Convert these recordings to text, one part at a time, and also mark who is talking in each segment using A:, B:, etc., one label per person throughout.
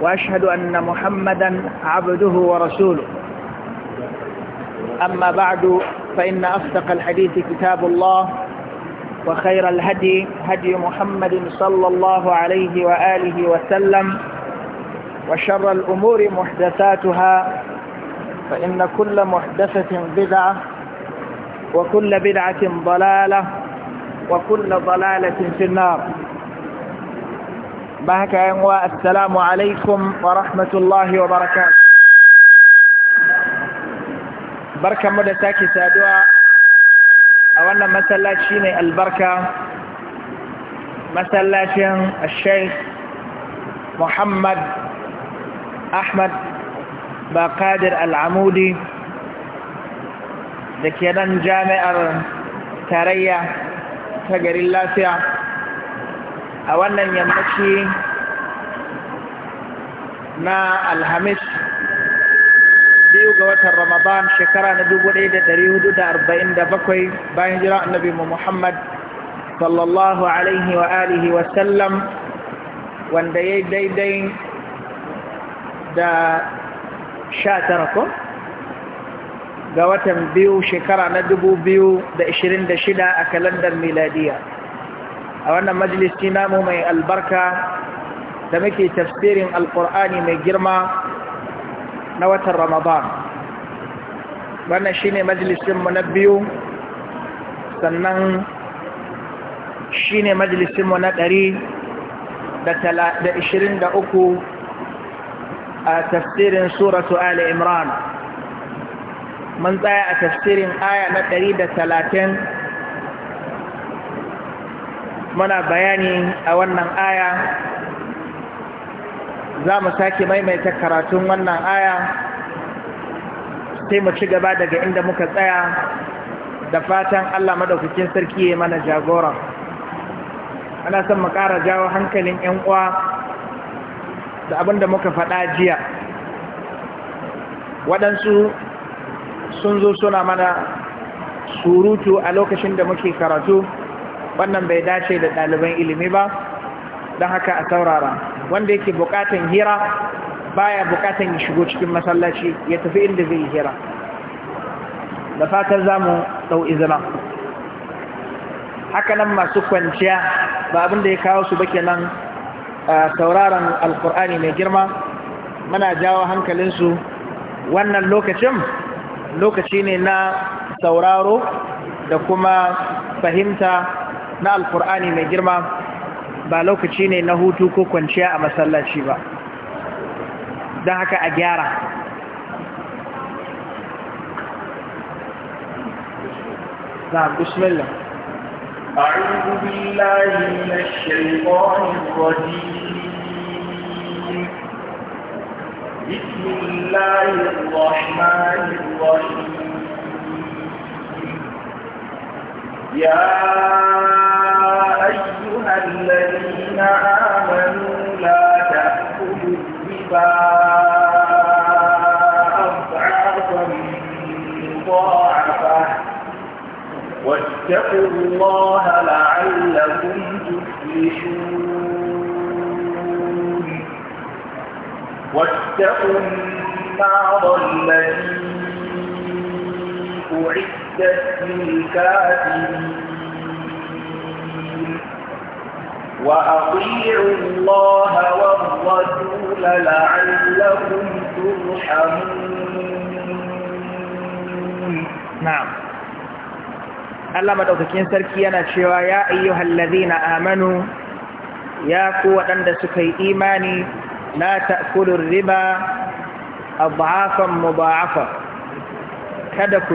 A: وأشهد أن محمدا عبده ورسوله أما بعد فإن أصدق الحديث كتاب الله وخير الهدي هدي محمد صلى الله عليه وآله وسلم وشر الأمور محدثاتها فإن كل محدثة بدعة وكل بدعة ضلالة وكل ضلالة في النار baka yan wa assalamu alaikum wa rahmatullahi wa barakatuh mu da sake saduwa a wannan masallaci ne albarka masallacin Sheikh Muhammad Ahmad Baqadir Al-Amudi da ke nan jami'ar tarayya ta garin lafiya a wannan yammaci na alhamis biyu ga watan ramadan shekara na dubu ɗaya da da da hudu arba'in bakwai bayan jira annabi muhammad sallallahu alaihi wa alihi wasallam wanda ya yi daidai da sha tara ko ga watan biyu shekara na dubu biyu da da shida a kalandar miladiya a wannan majalisi namu mai albarka da muke tafsirin alkur'ani mai girma na watan ramadan wannan shine majalisinmu na biyu sannan shine majalisinmu na ɗari da ishirin da uku a tafsirin suratu ali imran mun tsaya a tafsirin aya na ɗari da talatin muna bayani a wannan aya za mu sake maimaita karatun wannan aya sai mu ci gaba daga inda muka tsaya da fatan Allah madaukakin sarki ya mana jagora ana son mu ƙara jawo hankalin 'yan uwa da abinda muka faɗa jiya waɗansu sun zo suna mana surutu a lokacin da muke karatu wannan bai dace da ɗaliban ilimi ba don haka a saurara wanda yake bukatan hira baya buƙatan ya shigo cikin masallaci ya tafi inda zai hira da fatan za mu ɗau izina Haka nan masu kwanciya ba abin da ya kawo su bake nan a sauraron alkur'ani mai girma muna jawo hankalinsu wannan lokacin lokaci ne na sauraro da kuma fahimta na alkur'ani mai girma ba lokaci ne na hutu ko kwanciya a masallaci ba don haka a gyara na bismillah
B: أعوذ بالله من الشيطان الرجيم بسم الله الرحمن الرحيم
A: يا الذين آمنوا لا تأكلوا الربا
B: أضعافا مضاعفة واتقوا الله لعلكم تفلحون واتقوا النار الذي
A: أعدت للكافرين وأطيعوا الله والرسول
B: لعلكم ترحمون
A: نعم اللهم دوتكين سركينا شوى يا أيها الذين آمنوا يا قوة عند سكي إيماني لا تأكلوا الربا أضعافا مضاعفا kada ku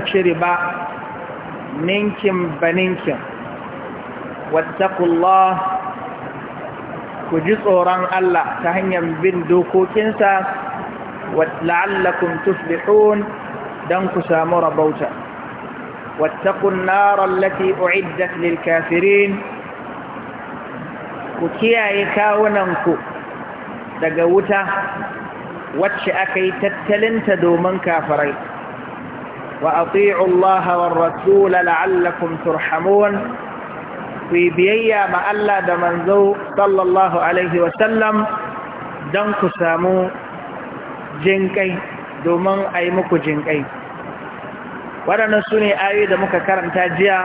A: منكم riba واتقوا الله ku ji tsoron Allah ta hanyar bin dokokinsa la'allakum tuflihun dan ku samu rabauta wattaqun nara allati u'iddat lil kafirin ku kiyaye kawunanku daga wuta wacce aka yi tattalinta domin kafirai wa ati'u Allah war rasula la'allakum turhamun ku yi biyayya ma Allah da manzo sallallahu alaihi wasallam don ku samu jinƙai domin a yi muku jinƙai waɗannan su ne ayoyi da muka karanta jiya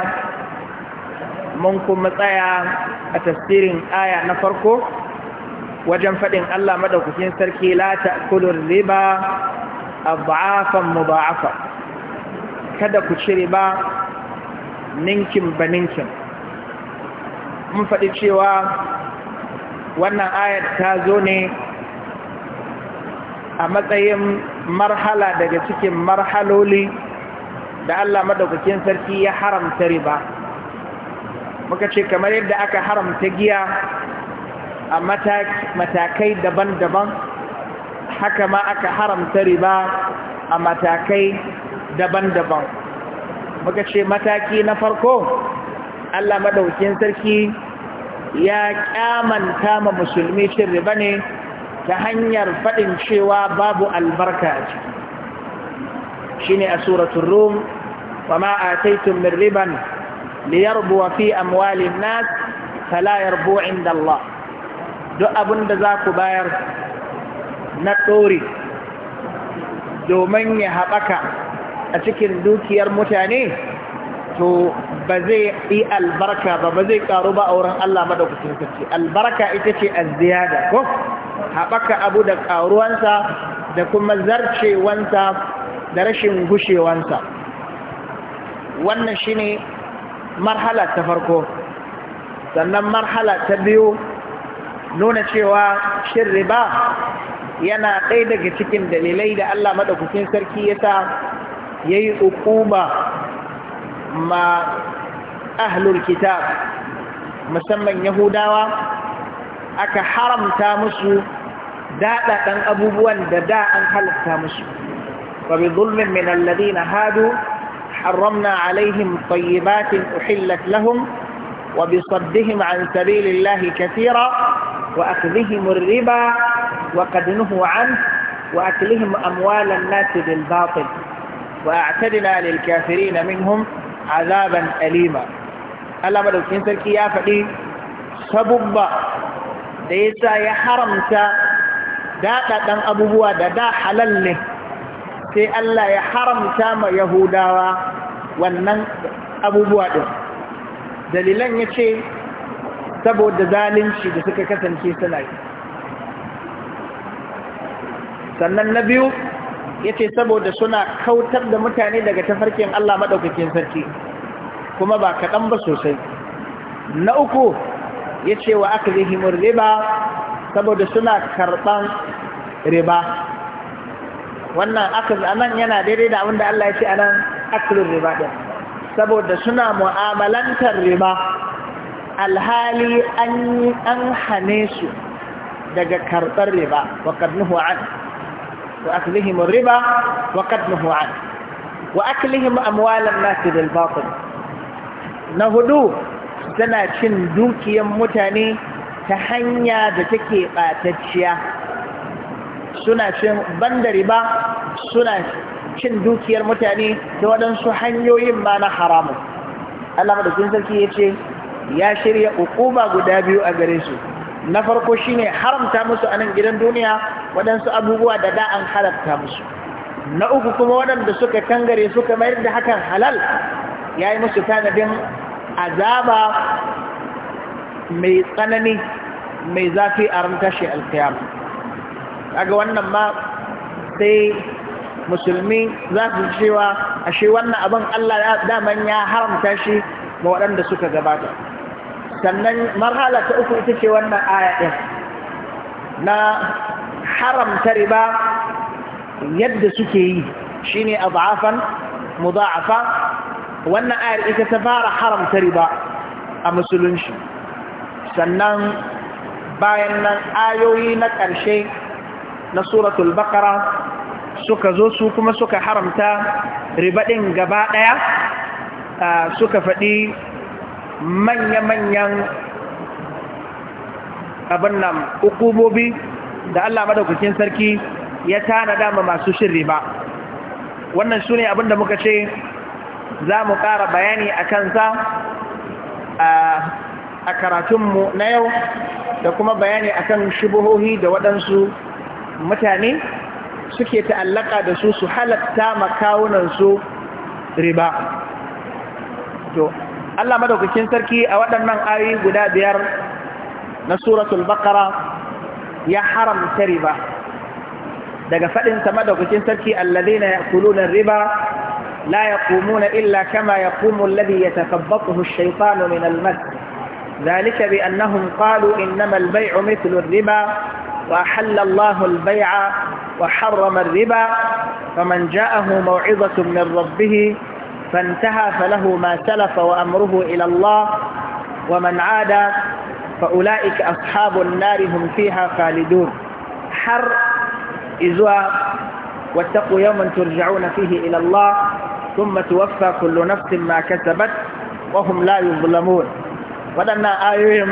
A: mun kuma tsaya a tasirin aya na farko wajen faɗin Allah maɗaukakin sarki Lata ta'kulur riba mu mudha'afa kada ku ci riba ninkin ba ninkin mun faɗi cewa wannan ayat ta zo ne a matsayin marhala daga cikin marhaloli da Allah madaukakin sarki ya haramta riba muka ce kamar yadda aka haramta giya a matakai daban-daban haka ma aka haramta riba a matakai daban-daban muka ce mataki na farko Allah madaukakin sarki ya kyamanta ma musulmi cin riba ne ta hanyar faɗin cewa babu albarka a ciki shi ne a suratun rum wa ma'ataitun min riban liyarbuwa fi amwalin nas fala yarbu inda Allah duk abin da za ku bayar na ɗori domin ya haɓaka a cikin dukiyar mutane wato ba zai yi albarka ba ba zai karu ba a wurin Allah madaukakin sarki albarka ita ce azziyada ko haɓaka abu da karuwansa da kuma zarcewansa da rashin gushewansa wannan shine marhala ta farko sannan marhala ta biyu nuna cewa shin riba yana ɗaya daga cikin dalilai da Allah madaukakin sarki ya sa yayi hukuma ما أهل الكتاب مسمى yahudawa أك حرم musu داء abubuwan da داء أن خلق musu وبظلم من الذين هادوا حرمنا عليهم طيبات أحلت لهم وبصدهم عن سبيل الله كثيرا وأخذهم الربا وقد نهوا عنه وأكلهم أموال الناس بالباطل وأعتدنا للكافرين منهم azaban alima Allah madaukakin sarki ya faɗi sabubba da yasa ya haramta daɗaɗɗen abubuwa da da halal ne sai Allah ya haramta ma Yahudawa wannan abubuwa ɗin dalilan ya ce saboda zalunci da suka kasance suna yi sannan na biyu yace saboda suna kautar da mutane daga tafarkin Allah madaukakin sarki kuma ba kaɗan ba sosai na uku yace wa akzihimur riba saboda suna karɓan riba wannan akaz anan yana daidai da abinda Allah ya ce anan aklur riba din saboda suna mu'amalantar riba alhali an an hane su daga karɓar riba wa qad an وأكلهم الربا وقد نهوا عنه وأكلهم أموال الناس بالباطل نهدو سنة شن دوكي متاني تحنيا دتكي باتتشيا suna cin banda riba suna cin dukiyar mutane ta waɗansu hanyoyin ma na haramun Allah madaukin sarki ya ce ya shirya ukuba guda biyu a gare su na farko shine haramta musu a nan gidan duniya waɗansu abubuwa da da an halatta musu na uku kuma waɗanda suka kangare suka mayar da hakan halal ya yi musu tanadin azaba mai tsanani mai zafi a ran tashi alkiyama wannan ma sai musulmi za su cewa ashe wannan abin Allah daman ya haramta shi ma waɗanda suka gabata sannan marhala ta uku ita ce wannan aya ɗin na haramta riba yadda suke yi shine adafan mudha'afa wannan ayar ita ta fara haramta riba a musulunci sannan bayan nan ayoyi na ƙarshe na suratul baqara suka zo su kuma suka haramta riba ɗin gaba ɗaya ah, suka faɗi manya-manyan abin nan hukumobi da Allah madaukakin sarki ya tana dama masu shin riba wannan su ne abin da muka ce za mu ƙara bayani a kansa a karatunmu na yau da kuma bayani a kan shubuhohi da waɗansu mutane suke ta'allaka da su su halatta su riba to Allah madaukakin sarki a waɗannan ayoyi guda biyar na suratul baqara ya haramta riba daga faɗinsa madaukakin sarki alladhina ya'kuluna riba la yaqumuna illa kama yaqumu alladhi yatakabbathu ash-shaytanu min al-mas ذلك بأنهم قالوا إنما البيع مثل الربا وأحل الله البيع وحرم الربا فمن جاءه موعظة من ربه فانتهى فله ما سلف وأمره إلى الله ومن عاد فأولئك أصحاب النار هم فيها خالدون حر إزوا واتقوا يوما ترجعون فيه إلى الله ثم توفى كل نفس ما كسبت وهم لا يظلمون waɗannan آيهم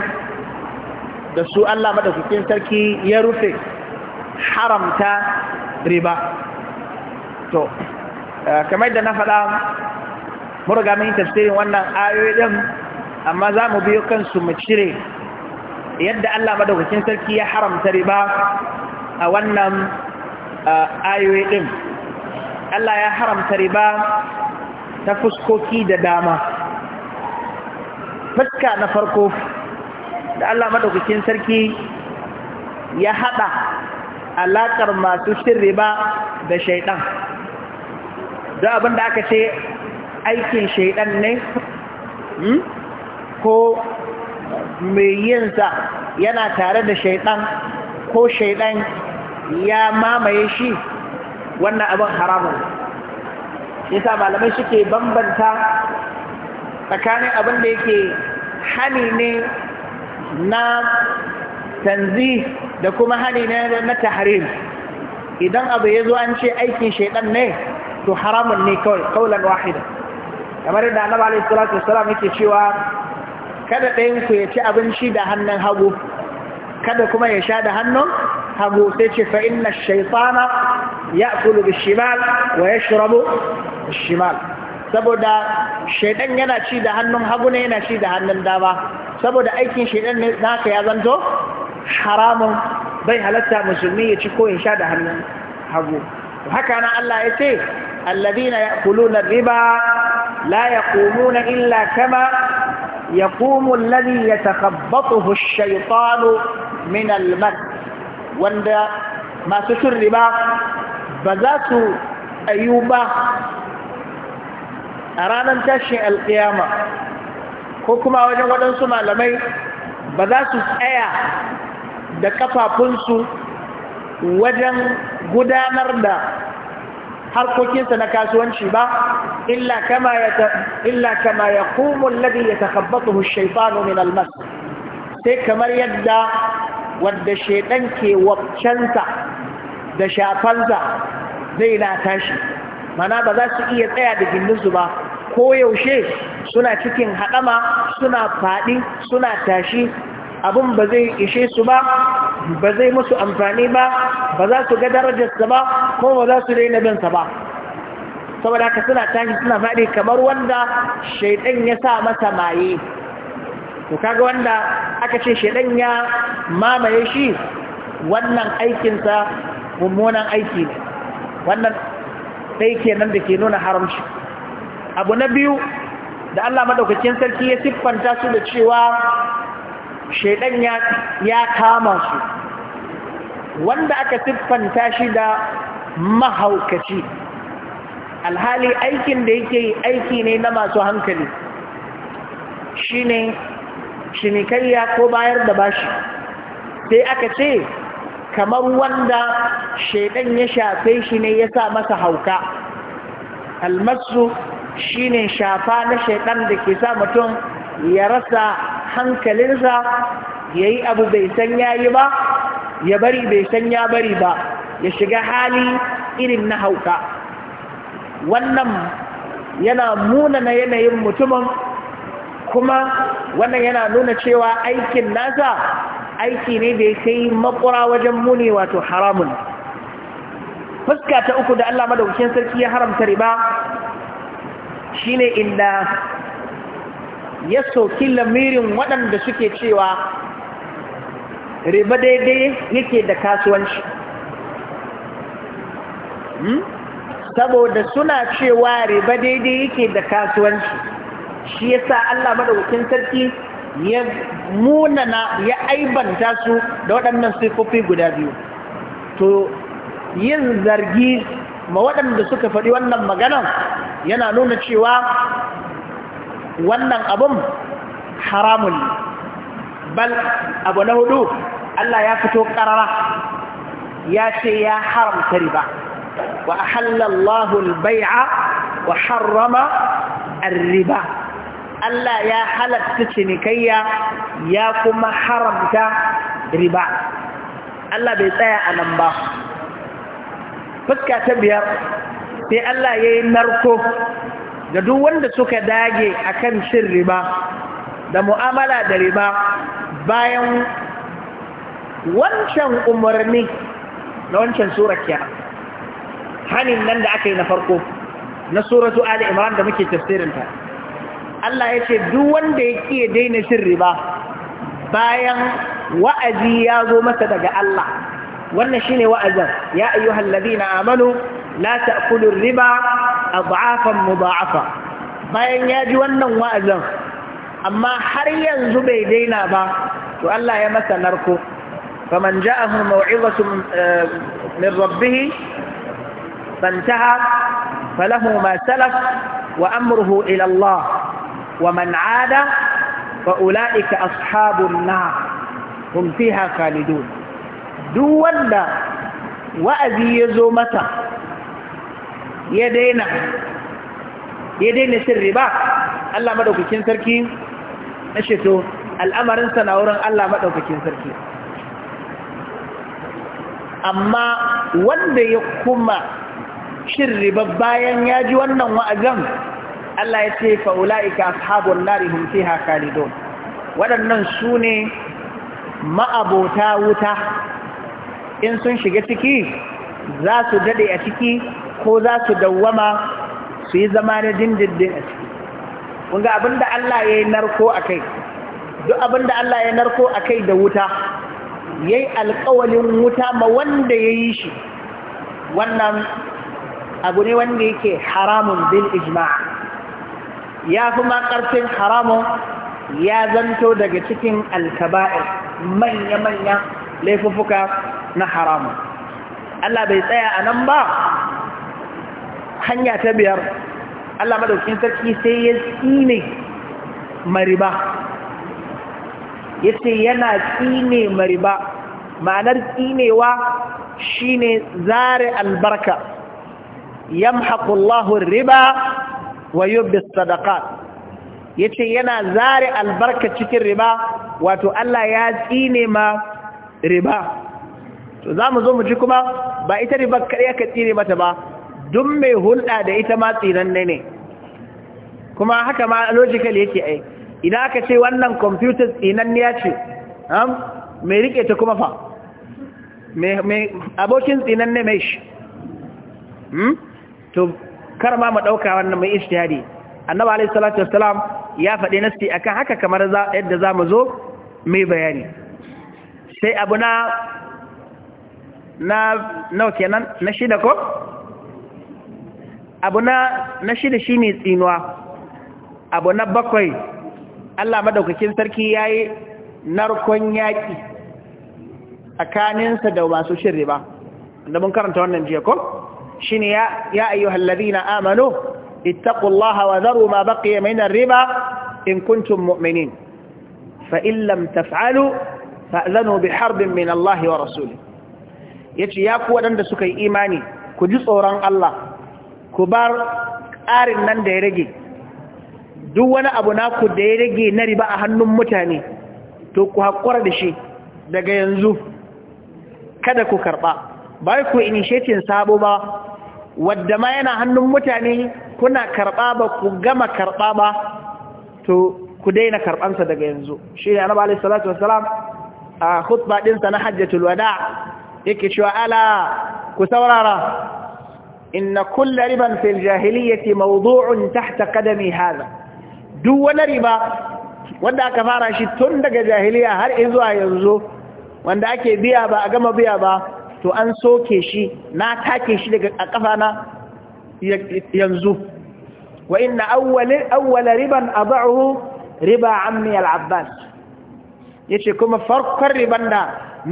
A: دسوء الله مدى madaukakin تركي يرفي حرمت ربا آه، كما to kamar murga mun tafsirin wannan ayoyi din amma za mu biyo kansu mu cire yadda Allah madaukakin sarki ya haramta riba a wannan ayoyi din Allah ya haramta riba ta fuskoki da dama fuska na farko da Allah madaukakin sarki ya hada alakar masu shirri ba da shaidan da abin da aka ce aikin shaidan ne hmm? ko mai yinsa yana tare da shaidan ko shaidan ya mamaye shi wannan abin haramun yasa malamai suke bambanta tsakanin abin da yake hani ne na tanzi da kuma hani ne na tahrim idan abu ya zo an ce aikin shaidan ne to haramun ne kawai kaulan wahida kamar yadda annabi alaihi salatu wassalam yake cewa kada ɗayan ku ya ci abinci da hannun hagu kada kuma ya sha da hannun hagu sai ce fa inna shaytana ya'kulu bishimal wa yashrabu bishimal saboda shaidan yana ci da hannun hagu ne yana ci da hannun dama saboda aikin shaidan ne haka ya zanto haramun bai halatta musulmi ya ci ko ya sha da hannun hagu haka nan Allah ya ce alladina ya'kuluna riba لا يقومون إلا كما يقوم الذي يتخبطه الشيطان من المس وند ما تشربا بذات أيوبا أرانا تشي القيامة كوكما وجن ودن سما لمي بذات أيا da kafafunsu wajen gudanar da harkokinsa na kasuwanci ba illa kama ya illa ladi ya takabbatu yatakhabbathu min sai kamar yadda wanda shaytan ke wabcanta da shafansa zai na tashi mana ba za su iya tsaya da gindinsu ba ko yaushe suna cikin haɗama suna faɗi suna tashi abin ba zai ishe su ba ba zai musu amfani ba ba za su ga darajarsa ba kuma ba za su daina binsa ba saboda ka suna tashi suna faɗi kamar wanda shaidan ya sa masa maye Ko kaga wanda aka ce shaidan ya mamaye shi wannan aikinsa mummunan aiki ne wannan ɗai kenan da ke nuna haramci abu na biyu da Allah maɗaukacin sarki ya siffanta su da cewa shaidan ya kama su wanda aka siffanta shi da mahaukaci alhali aikin da yake aiki ne na masu hankali shine shinikayya ko bayar da bashi sai aka ce kamar wanda shaidan ya shafe shi ne ya sa masa hauka almasu shine shafa na shaidan da ke sa mutum ya rasa hankalinsa ya yi abu bai san ya yi ba ya bari bai san ya bari ba ya shiga hali irin na hauka wannan yana munana yanayin mutumin kuma wannan yana nuna cewa aikin nasa aiki ne da ya kai makura wajen muni wato haramun fuska ta uku da Allah madaukakin sarki ya haramta riba shine inda ya sauki lamirin waɗanda suke cewa riba daidai yake da kasuwanci hmm? saboda suna cewa riba daidai yake da kasuwanci shi ya sa Allah maɗaukin sarki ya munana ya aibanta su da waɗannan sifofi guda biyu to yin zargi ma waɗanda suka faɗi wannan maganan yana nuna cewa wannan abun haramun ne bal abu na hudu Allah ya fito karara ya ce ya haramta riba wa ahallallahu baia wa harrama riba Allah ya halatta cinikayya ya kuma haramta riba Allah bai tsaya a nan ba fuska ta biyar sai Allah ya yi narko Da duk wanda suka dage akan cin riba da mu'amala da riba bayan wancan umarni na wancan surar kiyar hannun nan da aka yi na farko na suratu Ali Imran da muke tafsirinta Allah ya ce duk wanda ya yake daina cin riba bayan wa'azi ya zo masa daga Allah wannan shi ne wa'azin ya ayyuhal na amanu la ta'kulu riba أضعافا مضاعفة bayan ya ji wannan wa'azin amma har yanzu bai daina ba to Allah ya masa narko faman ja'ahu maw'izatun min rabbih fantaha falahu ma salaf wa amruhu ila Allah wa man 'ada fa ulaika ashabun nar hum fiha khalidun duk wanda wa'azi ya zo masa ya daina ya daina cin riba Allah madaukakin sarki na sheto al'amarin na wurin Allah maɗaukakin sarki amma wanda ya kuma cin riba bayan ya ji wannan wa'azan Allah ya ce fa'ula'ika ashabun nari hum fiha khalidun waɗannan su ne ma'abota wuta in sun shiga ciki za su dade a ciki ko za su dawwama su yi zama na dindindin a ciki kunga abinda Allah ya yi narko a kai duk abinda Allah ya narko a kai da wuta ya yi alkawalin wuta ma wanda ya yi shi wannan abu ne wanda yake haramun bil ijma'a ya fi ma ƙarfin haramun ya zanto daga cikin alkaba'ir manya-manya laifuffuka na haramun
B: Allah bai tsaya a nan ba
A: hanya ta biyar Allah madaukin sarki sai ya tsine mariba yace yana tsine mariba ma'anar tsinewa shine zare albarka yamhaqu Allahu riba wa sadaka sadaqat yace yana zare albarka cikin riba wato Allah ya tsine ma riba to zamu zo mu ji kuma ba ita riba kare ka tsine mata ba duk mai hulɗa da ita ma tsiran ne kuma haka ma logical yake ai idan aka ce wannan computer ya ce mai rike ta kuma fa mai abokin tsinanne mai shi hmm? to kar ma mu ɗauka wannan mai ishtihadi annaba alaihi salatu wassalam ya faɗi nasti akan haka kamar yadda za mu zo mai bayani sai abu na na kenan na shida ko abu na shida shi ne tsinuwa abu na bakwai Allah madaukakin sarki ya yi narkon yaƙi tsakaninsa da masu shirri ba da mun karanta wannan jiya ko shi ne ya ayyuhal ladina amanu ittaqullaha wa dharu ma baqiya min riba in kuntum mu'minin fa in lam taf'alu zanu bi harbin min Allah wa rasuli yace ya ku waɗanda suka yi imani ku ji tsoron Allah ku bar ƙarin nan da ya rage duk wani abu na ku da ya rage na riba a hannun mutane to ku haƙura da shi daga yanzu kada ku karɓa ba ku inishetin sabo ba wadda ma yana hannun mutane kuna karɓa ba ku gama karɓa ba to ku daina karɓansa daga yanzu shi ne annabi alaihi salatu wasalam a khutba ɗinsa na hajjatul wada yake cewa ala ku saurara inna kulla riban fil jahiliyyati mawdu'un tahta qadami hadha duk wani riba wanda aka fara shi tun daga jahiliya har zuwa yanzu wanda ake biya ba a gama biya ba to an soke shi na take shi daga kafana yanzu wa inna awwala riban adahu riba ammi al-abbas yace kuma farkon riban da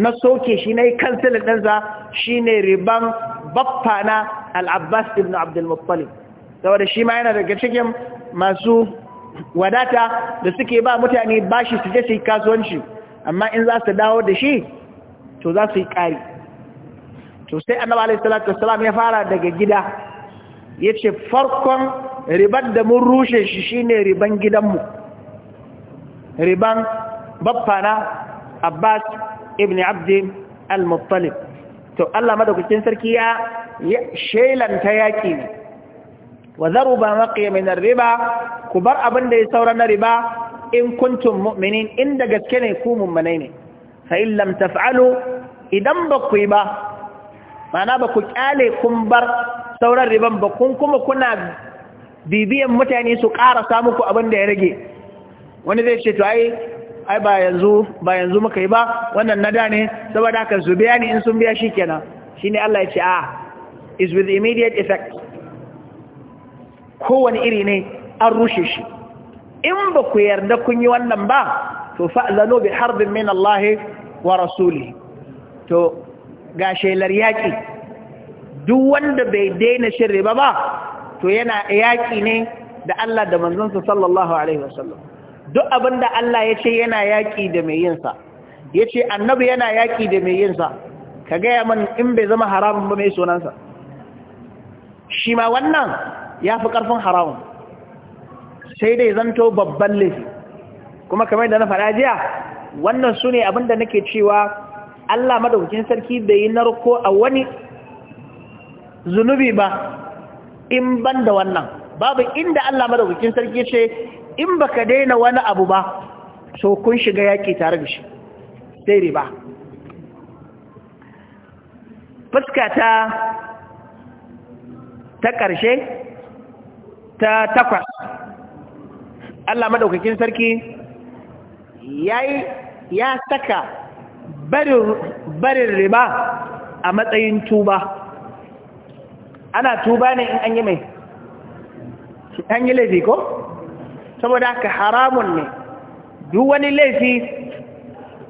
A: na soke shi nayi kansilin danza shine riban baffana al-abbas ibn abdulmuttalib saboda shi ma yana daga cikin masu wadata da suke ba mutane bashi su je su yi kasuwanci amma in za su dawo da shi to za su yi kari to sai annabi alaihi salatu ya fara daga gida ya ce farkon ribar da mun rushe shi shine riban gidanmu riban baffana Abbas ibn abdulmuttalib al to Allah madaukakin sarki ya shelanta yaƙi ne wa zaruba riba ku bar abin da ya saura na riba in kuntum mu'minin inda gaske ne ku mummune ne fa in taf'alu idan ba ku yi ba mana ba ku kyale kun bar sauran riban ba kun kuma kuna bibiyan mutane su ƙara samu ku abin da ya rage wani zai ce to ai ai ba yanzu ba yanzu muka yi ba wannan na da ne saboda haka su biya ni in sun biya shikenan shine Allah ya ce a is with immediate effect kowane iri ne an rushe shi in ba ku yarda kun yi wannan ba to fa'zano bi harbin min Allah wa rasuli to ga shelar yaƙi duk wanda bai daina shirri ba ba to yana yaƙi ne da Allah da manzansa sallallahu alaihi wasallam duk abinda Allah ya ce yana yaƙi da mai yinsa ya ce annabi yana yaƙi da mai yinsa ka gaya man in bai zama haramun ba mai sunansa shi ma wannan ya fi ƙarfin haramun sai dai zanto babban laifi kuma kamar da na faɗa jiya wannan su ne abinda nake cewa Allah madaukakin sarki bai yi narko a wani zunubi ba in ban da wannan babu inda Allah madaukakin sarki ce in ba ka daina wani abu ba so kun shiga yaƙi tare da shi sai riba fuska ta ta ƙarshe ta takwas Allah maɗaukakin sarki ya saka barin riba a matsayin tuba ana tuba ne in an yi mai an yi laifi ko? saboda haka haramun ne duk wani laifi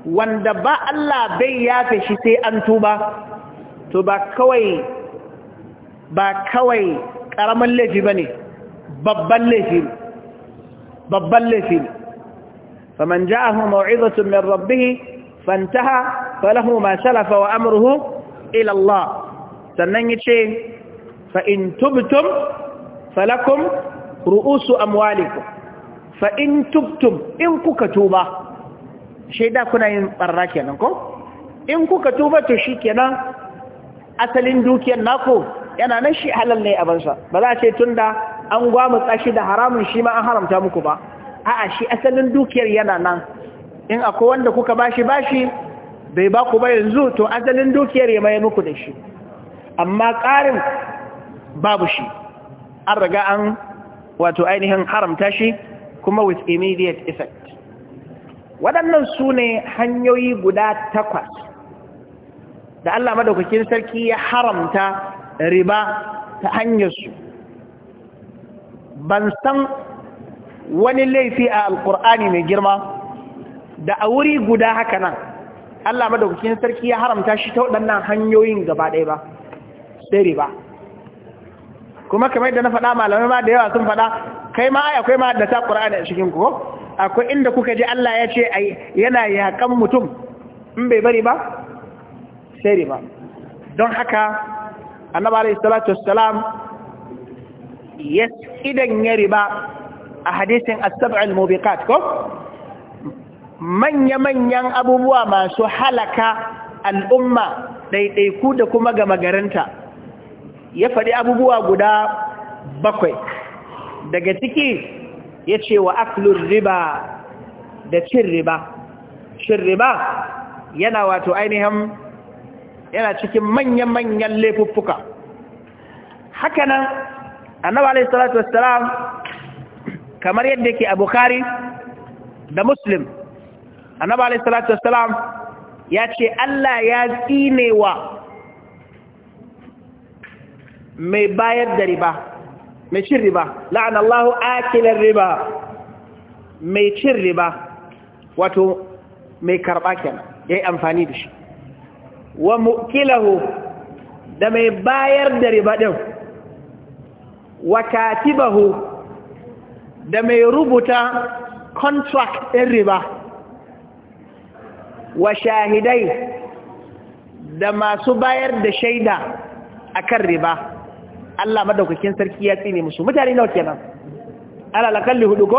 A: wanda ba Allah bai yafe shi sai an tuba to ba kawai ba kawai ƙaramin laifi ba ne babban laifi ne babban laifi ne faman ja'ahu maw'izatun min rabbih fantaha falahu ma salafa wa amruhu ila sannan yace fa in tubtum falakum ru'usu amwalikum fa tubtum in kuka tuba sheda kuna yin barra kenan ko in kuka tuba to shikenan asalin dukiyar naku yana nan shi halal ne abansa ba za a ce tun da an gwamutsa shi da haramun shi ma an haramta muku ba a'a shi asalin dukiyar yana nan in akwai wanda kuka bashi bashi bai ba ku ba yanzu to asalin dukiyar ya maye muku da shi amma ƙarin babu shi an riga an wato ainihin haramta shi kuma with immediate effect waɗannan su ne hanyoyi guda takwas da Allah madaukakin sarki ya haramta riba ta hanyar su. ban san wani laifi a alkur'ani mai girma da a wuri guda haka nan Allah madaukakin sarki ya haramta shi ta waɗannan hanyoyin gaba ɗaya ba sai riba kuma kamar da na faɗa malamai ma da yawa sun faɗa kai ma ai akwai ma da ta ƙur'ani a cikin ku akwai inda kuka ji Allah ya ce yana yaƙan mutum in bai bari ba sai riba don haka annaba alayhi salatu wassalam ya idan ya riba a hadisin as-sab'al mubiqat ko manya-manyan abubuwa masu halaka al'umma ɗaiɗaiku da kuma gama garanta ya faɗi abubuwa guda bakwai daga ciki ya ce wa aklun riba da cin riba cin riba yana wato ainihin yana cikin manya-manyan laifuffuka hakanan annabi alayhi salatu wassalam kamar yadda yake a bukhari da muslim annabi alayhi salatu wassalam ya ce Allah ya tsinewa mai bayar da riba mai cin riba la'an Allahu akilar riba mai cin riba wato mai karɓa kenan ya yi amfani da shi wa mukilahu da mai bayar da riba ɗin wa katibahu da mai rubuta contract ɗin riba wa shahidai da masu bayar da shaida akan riba Allah madaukakin sarki ya tsine musu mutane nawa kenan alalakalli hudu ko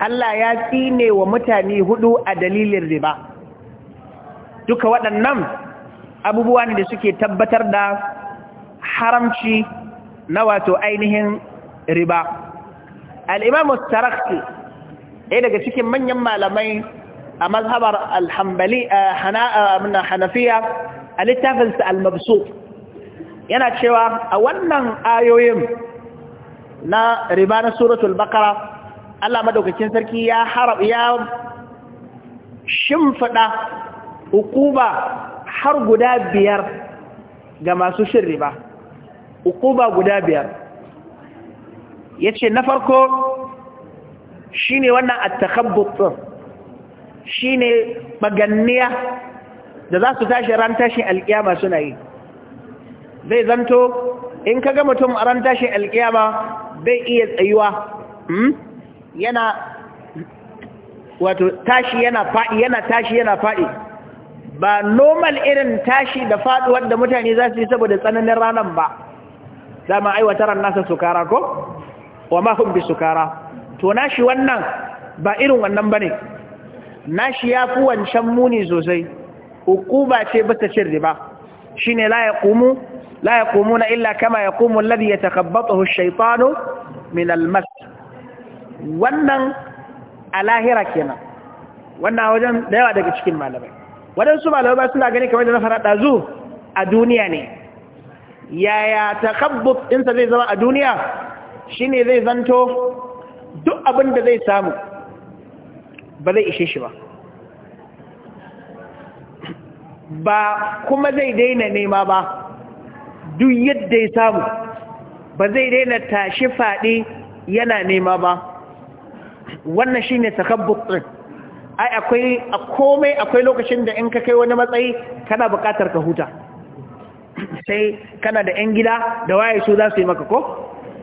A: Allah ya tsine wa mutane hudu a dalilin riba duka waɗannan abubuwa ne da suke tabbatar da haramci na wato ainihin riba al'imamu tarakti ɗaya daga cikin manyan malamai a mazhabar alhambali a hanafiya a littafinsa Almabso, yana cewa a wannan ayoyin na riba na suratul bakara Allah madaukakin sarki ya harab ya uquba har guda biyar ga masu shin riba uquba guda biyar ya ce na farko shi ne wannan at shi ne baganniya da za su tashi ran tashi alkiyama suna yi zai zanto in kaga mutum a ran tashi alkiyama bai iya tsayuwa hmm? yana wato tashi yana faɗi yana tashi yana faɗi ba normal irin tashi da faɗuwar da mutane za su yi saboda tsananin ranar ba dama aiwatar nasa sukara ko wa mahum bi sukara to nashi wannan ba irin wannan bane nashi yafi wancan muni sosai hukuma ce bata cin riba shine la yaqumu la illa kama yaqumu Ladi ya ash-shaytanu min almas. wannan a lahira kenan wannan wajen da yawa daga cikin malamai waɗansu malamai suna gani kamar da na fara ɗazu a duniya ne yaya takabbuf ɗinsa zai zama a duniya shi ne zai zanto duk abin da zai samu ba zai ishe shi ba ba kuma zai daina nema ba duk yadda ya samu ba zai daina tashi faɗi yana nema ba wannan shi ne takabbuf ɗin ai akwai a komai akwai lokacin da in ka kai wani matsayi kana bukatar ka huta sai kana da 'yan gida da waye su za su yi maka ko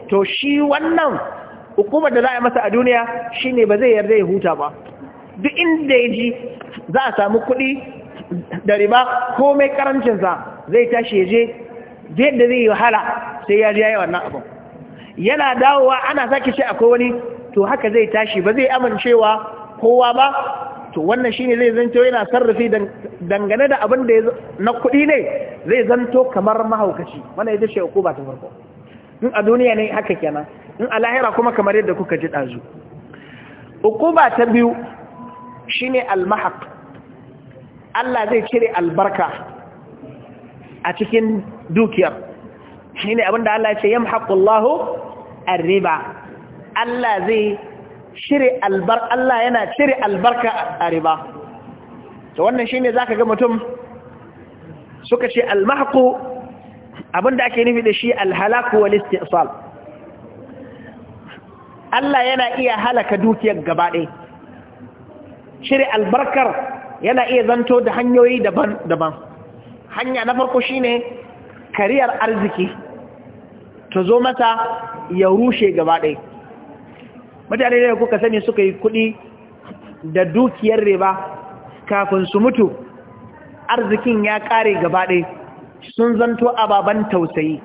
A: to shi wannan hukumar da za a yi masa a duniya shi ne ba zai yarda ya huta ba duk inda ya ji za a samu kuɗi da riba komai karancinsa zai tashi ya je yadda zai yi wahala sai ya ji ya yi wannan abu. yana dawowa ana sake shi akwai wani to haka zai tashi ba zai amincewa kowa ba to wannan shine zai zanto yana sarrafi dangane da abin da na kuɗi ne zai zanto kamar mahaukaci wannan ita ce ba ta farko in a duniya ne haka kenan in a lahira kuma kamar yadda kuka ji ɗazu ba ta biyu shine almahaq Allah zai cire albarka a cikin dukiyar shine da Allah ya ce yamhaqullahu ar-riba Allah zai Shiri albar Allah yana cire albarka a riba to wannan shine zaka ga mutum suka ce almahqu abinda ake nufi da shi alhalaku wal istisal Allah yana iya halaka dukiyar gaba ɗaya albarkar yana iya zanto da hanyoyi daban-daban hanya na farko shine kariyar arziki ta zo mata ya rushe gaba ɗaya mutane ne kuka sani suka yi kuɗi da dukiyar riba kafin su mutu arzikin ya ƙare gabaɗe sun zanto ababen tausayi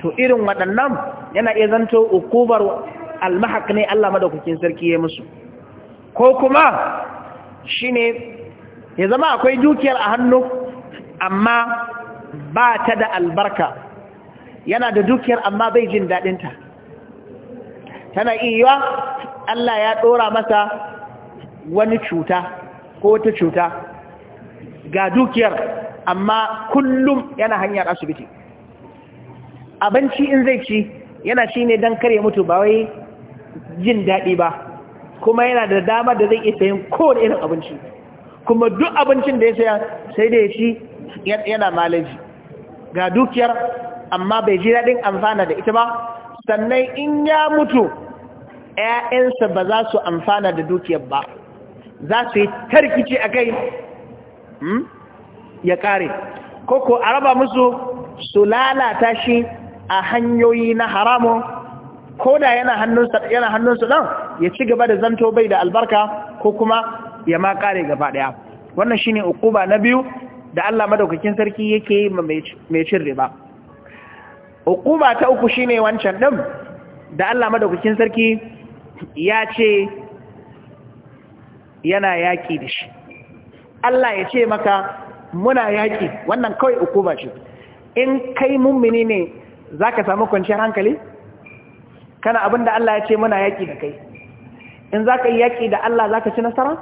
A: to irin waɗannan yana iya zanto ukubar almahak ne Allah madaukakin sarki ya musu ko kuma shine ya zama akwai dukiyar a hannu amma ba ta da albarka yana da dukiyar amma bai jin daɗinta tana iya Allah ya ɗora masa wani cuta ko wata cuta ga dukiyar amma kullum yana hanyar asibiti abinci in zai ci yana shi ne don kare mutu ba wai jin daɗi ba kuma yana da damar da zai iya sayin kowane irin abinci kuma duk abincin da ya saya sai da ya ci yana malaji ga dukiyar amma bai ji daɗin amfana da ita ba sannan in ya mutu ‘ya'yansa ba za su amfana da dukiyar ba za su yi tarkici a kai hmm, ya ƙare koko a raba musu su lalata shi a hanyoyi na haramu ko da yana hannunsu ɗan ya ci gaba da zanto bai da albarka ko kuma ya ma ƙare gaba ɗaya wannan shine ukuba na biyu da Allah madaukakin sarki yake yi mai cin riba ukuba ta uku shine wancan ɗin da Allah madaukakin sarki ya ce yana yaƙi da shi Allah ya ce maka muna yaƙi wannan kawai ukuba ce in kai mummini ne za ka samu kwanciyar hankali kana abin da Allah ya ce muna yaƙi da kai in za ka yi yaƙi da Allah za ka ci nasara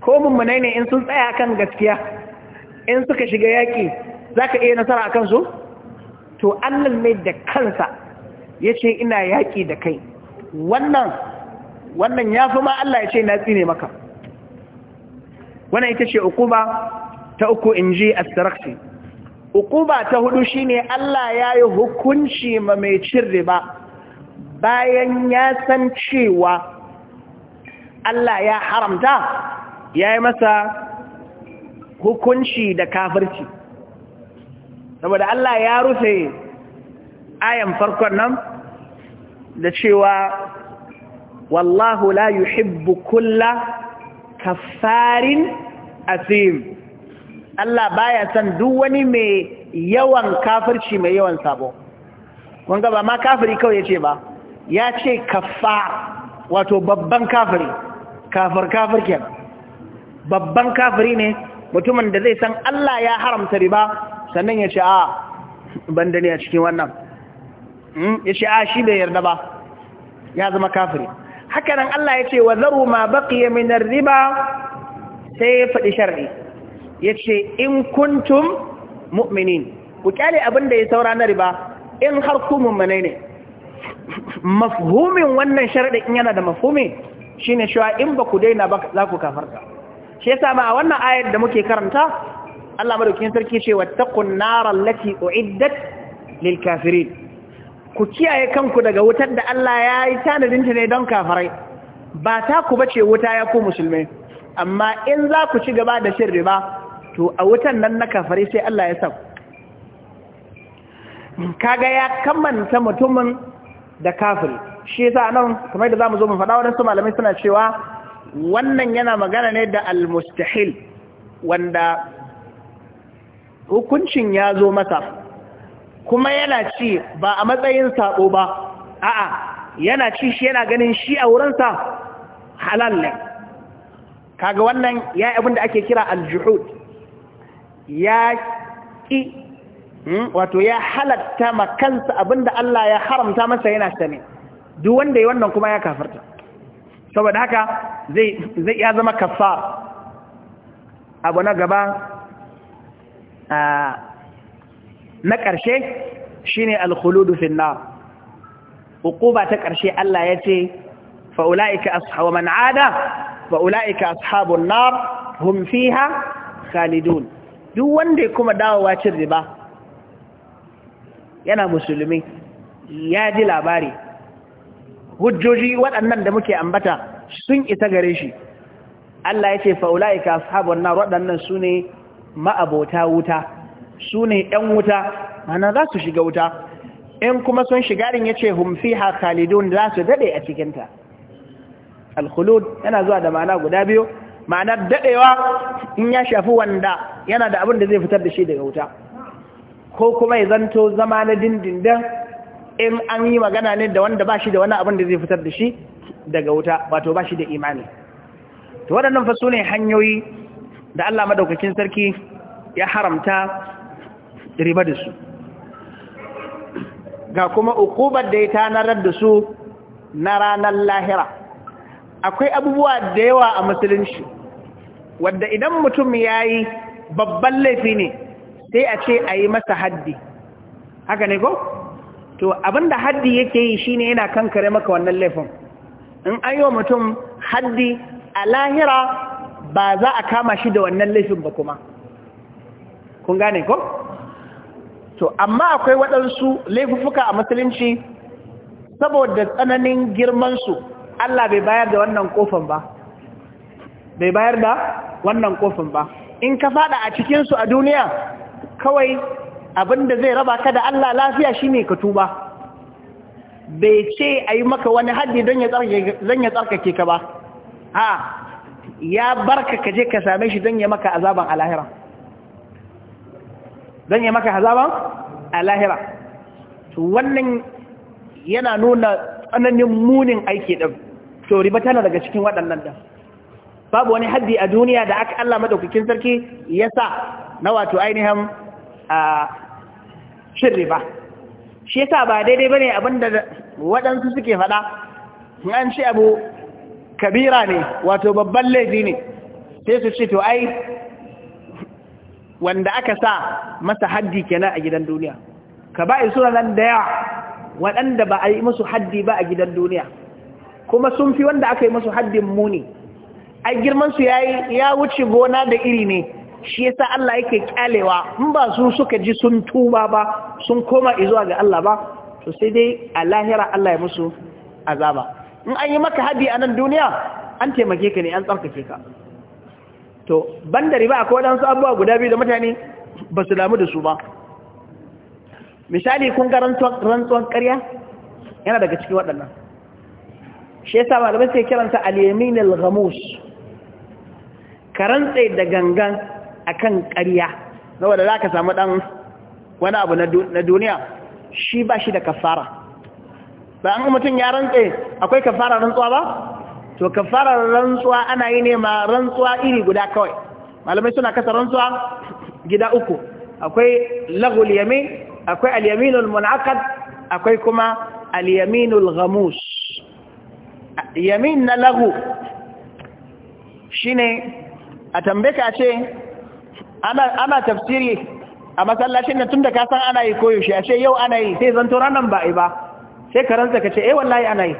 A: ko mummunai ne in sun tsaya kan gaskiya in suka shiga yaƙi za ka iya nasara a kansu to Allah mai da kansa ya ce ina yaƙi da kai wannan wannan ya fi ma Allah ya ce na tsine maka wannan ita ce ukuba ta uku in ji astaraksi ukuba ta hudu shine Allah ya yi hukunci ma mai cin riba bayan ya san cewa Allah ya haramta ya yi masa hukunci da kafirci saboda Allah ya rufe ayan farkon nan da cewa wallahu la yuhibbu kulla kafarin azim Allah baya san duk wani mai yawan kafirci mai yawan sabo kun ga ba ma kafiri kawai yace ba ya ce kaffa wato babban kafiri kafir kafir kenan babban kafiri ne mutumin da zai san Allah ya haramta riba sannan ya ce a ban ne a cikin wannan Hmm? ya ce a ah, shi bai yarda ba ya zama kafiri hakanan Allah ya ce wa zaru ma baqiya min riba sai ya faɗi shar'i yace in kuntum mu'minin ku kyale abin da ya saura na riba in har ku mu'mine ne mafhumin wannan shar'i in yana da mafhumi shine cewa in ba ku daina ba za ku kafarta shi yasa ma a wannan ayar da muke karanta Allah madaukakin sarki ce wattaqun nar allati uiddat lil kafirin ku kiyaye kanku daga wutar da Allah ya yi tanadinta ne don kafarai ba ta ku bace wuta ya ku musulmai amma in za ku ci gaba da shirri ba to a wutan nan na kafarai sai Allah ya sa kaga ya kammanta mutumin da kafir shi yasa nan kamar da zamu zo mu faɗa wadansu malamai suna cewa wannan yana magana ne da almustahil wanda hukuncin ya zo masa kuma yana ci ba a matsayin saɓo ba a'a yana ci shi yana ganin shi a wurinsa halal ne kaga wannan ya abin da ake kira aljuhud ya ƙi hmm, wato ya halatta makansa abin da Allah ya haramta masa yana sani duk wanda ya wannan kuma ya kafarta saboda haka zai ya zama kafa abu na gaba ah, na ƙarshe shine ne khuludu fi hukuba ta ƙarshe Allah yace fa ulaika ashabu man ada fa ulaika ashabun na hum fiha khalidun duk wanda ya kuma dawowa cin riba yana musulmi ya ji labari hujjoji waɗannan da muke ambata sun isa gare shi Allah ya ce fa'ula'ika ashabun na waɗannan su ne ma'abota wuta su ne ‘yan wuta mana za su shiga wuta in kuma sun shiga din ya ce ha khalidun za su daɗe a cikinta Al-Khulud yana zuwa da ma'ana guda biyu ma'anar daɗewa in ya shafi wanda yana da abin da zai fitar da shi daga wuta ko kuma ya zanto zama na dindindin in an yi magana ne da wanda ba shi da wani abin da zai fitar da shi daga wuta wato ba shi da imani to waɗannan fa ne hanyoyi da Allah madaukakin sarki ya haramta riba da su ga kuma ukubar da ya tanarar da su na ranar lahira akwai abubuwa da yawa a musulunci wadda idan mutum ya yi babban laifi ne sai a ce a yi masa haddi haka ne ko? to abinda haddi yake yi shine yana kankare maka wannan laifin in an yi wa mutum haddi a lahira ba za a kama shi da wannan laifin ba kuma kun gane ko? to amma akwai waɗansu laifuffuka a musulunci saboda tsananin girmansu Allah bai bayar da wannan kofin ba bai bayar da wannan kofin ba in ka fada a cikin su a duniya kawai da zai raba ka da Allah lafiya shi ne ka tuba bai ce ayi yi maka wani haddi don ya tsarkake ka ba ha ya barka ka je ka same shi don ya maka azaban alahira don ya maka azaban a lahira to wannan yana nuna tsananin munin aiki da. to riba tana daga cikin waɗannan da. babu wani haddi a duniya da aka Allah madaukakin sarki ya sa na wato ainihin a cin riba shi yasa ba daidai ba ne abinda waɗansu suke faɗa an ce abu kabira ne wato babban laifi ne sai su ce to ai wanda aka sa masa haddi kenan a gidan duniya ka ba'i suna nan da yawa waɗanda ba a yi musu haddi ba a gidan duniya kuma sun fi wanda aka yi musu haddin muni a girmansu ya wuce gona da iri ne shi yasa Allah yake kyalewa in ba su suka ji sun tuba ba sun koma izuwa ga Allah ba to sai dai a lahira Allah ya musu azaba in an yi maka haddi a nan duniya an taimake ka ne an tsarkake ka to ban da riba akwai waɗansu abubuwa guda biyu da mutane ba su damu da su ba misali kun ga rantsuwan ƙarya yana daga cikin waɗannan shi yasa malamai sai kiransa al-yamin al-ghamus ka rantse da gangan akan ƙarya da za ka samu ɗan wani abu na duniya shi ba shi da kafara ba an mutum ya rantse akwai kafara rantsuwa ba to kafarar rantsuwa ana yi ne ma rantsuwa iri guda kawai malamai suna kasa rantsuwa gida uku akwai lagul yamin akwai al-yaminul akwai kuma al-yaminul ghamus yamin na lagu shine a tambaka ce ana ana tafsiri a masallacin nan tunda ka san ana yi koyo shi a ce yau ana yi sai zanto ranan ba ai ba sai ka rantsa ka ce eh wallahi ana yi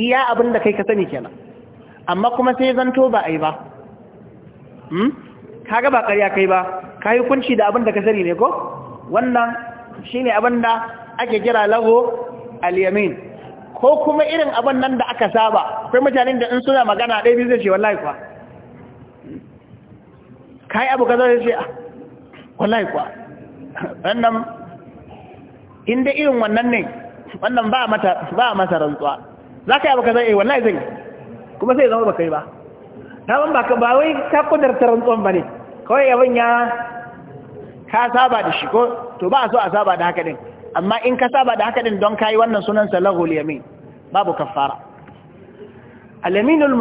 A: iya abin da kai ka sani kenan amma kuma sai zanto ba a yi ba hmm? ka gaba ƙarya kai ba ka yi kunci da abin da ka sani ne ko wannan shi ne abin da ake kira laho al-yamin ko kuma irin abin nan da aka saba akwai mutanen da in suna magana ɗaya biyu zai ce wallahi kuwa ka yi abu kaza zai ce ah, wallahi kuwa wannan inda irin wannan ne wannan ba a masa rantsuwa za ka yi abu ka zai eh, wallahi zai kuma sai zama baka yi ba ta ban baka ba wai ka kudarta rantsuwan ba ne kawai abin ya ka saba da shi ko to ba a so a saba da haka din amma in ka saba da haka din don ka yi wannan sunan salahu liyamin babu kafara al-yaminul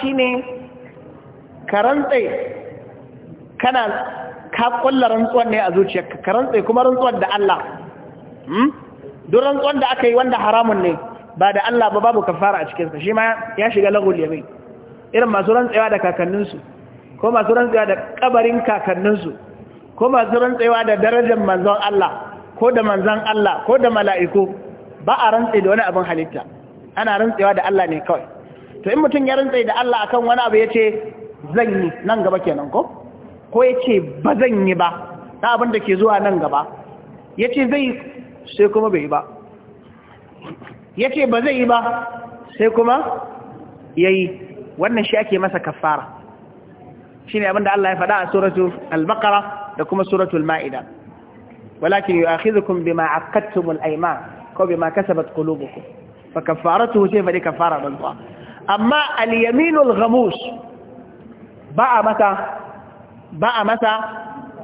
A: shi ne ka rantsai kana ka kulla rantsuwan ne a zuciyarka ka rantsai kuma rantsuwan da Allah hmm? duk rantsuwan da aka yi wanda haramun ne ba da Allah ba babu kafara a cikinsa shi ma ya shiga lagul yamin irin masu rantsewa da kakanninsu ko masu rantsewa da kabarin kakanninsu ko masu rantsewa da darajar manzon Allah ko da manzon Allah ko da mala'iku ba a rantse da wani abin halitta ana rantsewa da Allah ne kawai to in mutum ya rantse da Allah akan wani abu yace ce zan yi nan gaba kenan ko ko ya ba zan yi ba da abin da ke zuwa nan gaba yace ce zai sai kuma bai yi ba yace ba zai yi ba sai kuma yayi wannan shi ake masa kafara shine abinda Allah ya faɗa a suratul al-baqara da kuma suratul ma'ida walakin yu'akhidhukum bima 'aqadtum al ayman ko bima kasabat qulubukum fa kafaratuhu sai fa kafara ban ba
B: amma al-yaminul ghamus
A: ba a masa ba a masa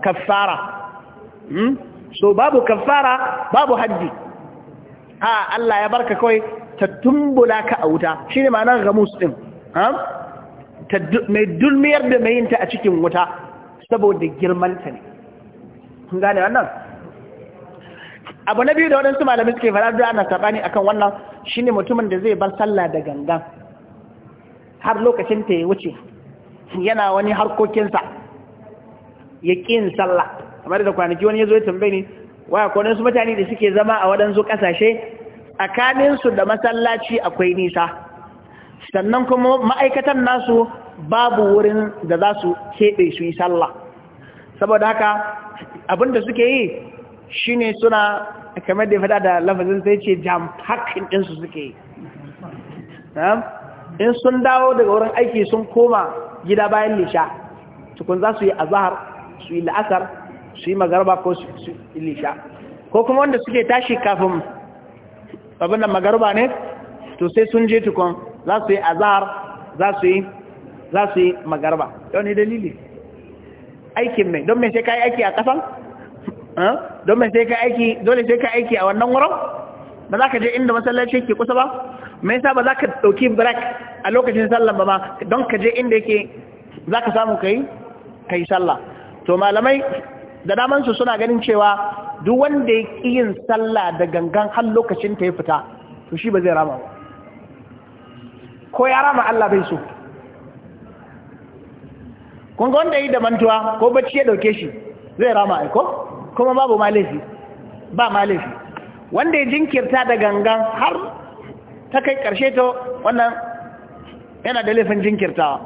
A: kafara so babu kafara babu haddi a Allah ya barka kawai ta tumbula ka a wuta shine ma'anar gamus din mai dulmiyar da mai yinta a cikin wuta saboda girmanta ne kun gane wannan abu na biyu da waɗansu malami suke fara na ana saɓani kan wannan shine mutumin da zai bar sallah da gangan har lokacin ta ya wuce yana wani harkokinsa ya ƙin sallah kamar da kwanaki wani ya zo ya tambaye ni wa su mutane da suke zama a waɗansu ƙasashe su da masallaci akwai nisa sannan kuma ma'aikatan nasu babu wurin da za su keɓe su yi sallah saboda haka abin da suke yi shine suna kamar da ya fada da lafazin sai ce jam hakkin ɗinsu suke yi in sun dawo daga wurin aiki sun koma gida bayan lisha tukun za su yi azahar su yi la'asar su yi magarba ko su ilisha ko kuma wanda suke tashi kafin abin da magarba ne to sai sun je tukun za su yi azahar za su yi za su yi magarba ne dalili aikin mai don mai sai ka yi aiki a kasan don mai sai ka aiki dole sai ka aiki a wannan wurin ba za ka je inda masallaci ke kusa ba mai sa ba za ka ɗauki break a lokacin sallan ba ma don ka je inda yake za ka samu ka yi sallah to malamai da daman su suna ganin cewa duk wanda ya ƙi yin sallah da gangan har lokacin ta ya fita to shi ba zai rama ba ko ya rama Allah bai so kun ga wanda yi da mantuwa ko bacci ya dauke shi zai rama aiko kuma babu malefi ba malefi wanda ya jinkirta da gangan har ta kai karshe to wannan yana da laifin jinkirtawa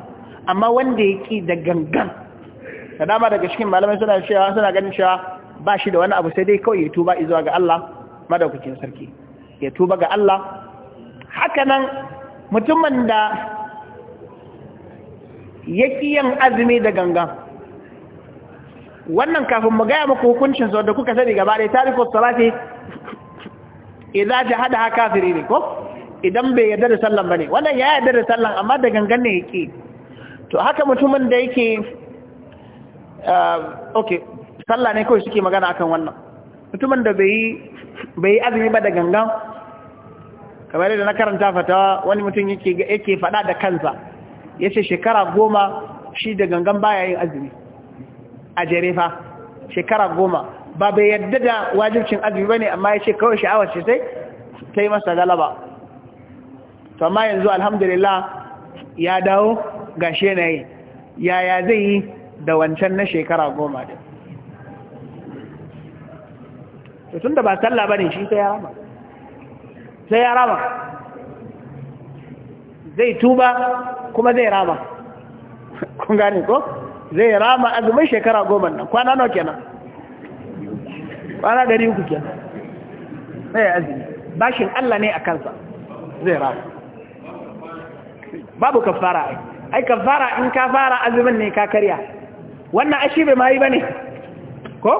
A: amma wanda ya ki da gangan da dama daga cikin malamai suna cewa suna ganin cewa ba shi da wani abu sai dai kawai ya tuba izuwa ga Allah madaukakin sarki ya tuba ga Allah hakanan mutumin da ya yin azumi da gangan wannan kafin mu gaya muku hukuncin sau da kuka sani gaba ɗaya tariko salati idza ta hada haka ne ko idan bai yarda da sallan ba ne wannan ya yarda da sallan amma da gangan ne yake to haka mutumin da yake Um, ok sallah ne kawai suke magana akan wannan mutumin da bai yi azumi ba da gangan kamar yadda na karanta fatawa wani mutum yake fada da kansa ya ce shekara goma shi da gangan baya yin azumi a jerefa shekara goma ba bai yadda da wajibcin azumi ba ne amma ya ce kawai sha'awar ce sai ta yi masa galaba to amma yanzu alhamdulillah ya dawo ga shi yanayi yaya zai yi da wancan na shekara goma ɗin. to tun da ba sallah ba ne shi sai ya rama sai ya rama zai tuba kuma zai rama kun gane ko zai rama azumin shekara goma nan kwana nawa kenan kwana dari uku kenan zai ya azumi bashin Allah ne a kansa zai rama babu kafara ai ai kafara in ka fara azumin ne ka karya wannan ashi bai ma yi ba ne ko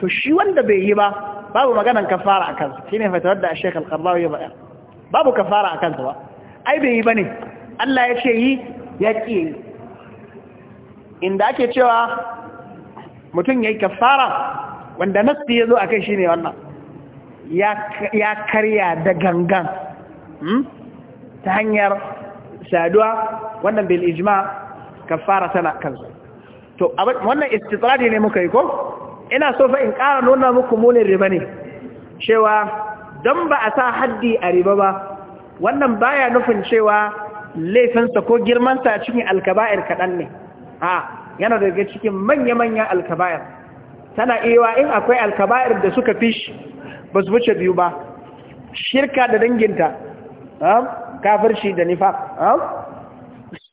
A: to shi wanda bai yi ba babu maganan kafara a kansa shi ne fatawar da shekar karbawa ya bayar babu kafara a kansa ba ai bai yi ba ne Allah ya ce yi ya ƙi yi inda ake cewa mutum ya yi kafara wanda nasti ya zo a kai shi ne wannan ya karya da gangan hmm? ta hanyar saduwa wannan bil ijma kafara tana kansa to wannan istitradi ne muka yi ko ina so fa in ƙara nuna muku munin riba ne cewa don ba a sa haddi a riba ba wannan baya nufin cewa laifinsa ko girmansa a cikin alkaba'ir kaɗan ne ha yana daga cikin manya-manyan alkaba'ir tana iya in akwai alkaba'ir da suka fi ba su wuce biyu ba shirka da danginta kafirci da nifa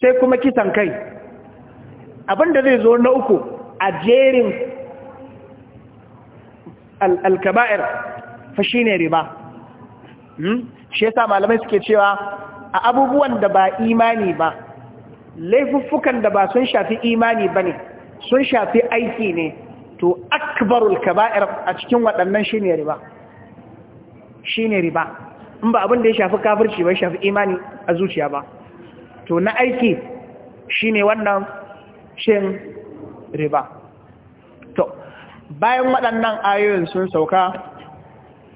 A: sai kuma kisan kai Abin da zai zo na uku a jerin alkaba'ir fa ne riba hmm? shi yasa malamai suke cewa a abubuwan da ba imani ba laifuffukan da ba sun shafi imani ba ne sun shafi aiki ne to akbarul kaba'ir a cikin waɗannan shi ne riba ne riba in ba abin da ya shafi kafirci ba ya shafi imani a zuciya ba to na aiki shi ne wannan shin riba to bayan waɗannan ayoyin sun sauka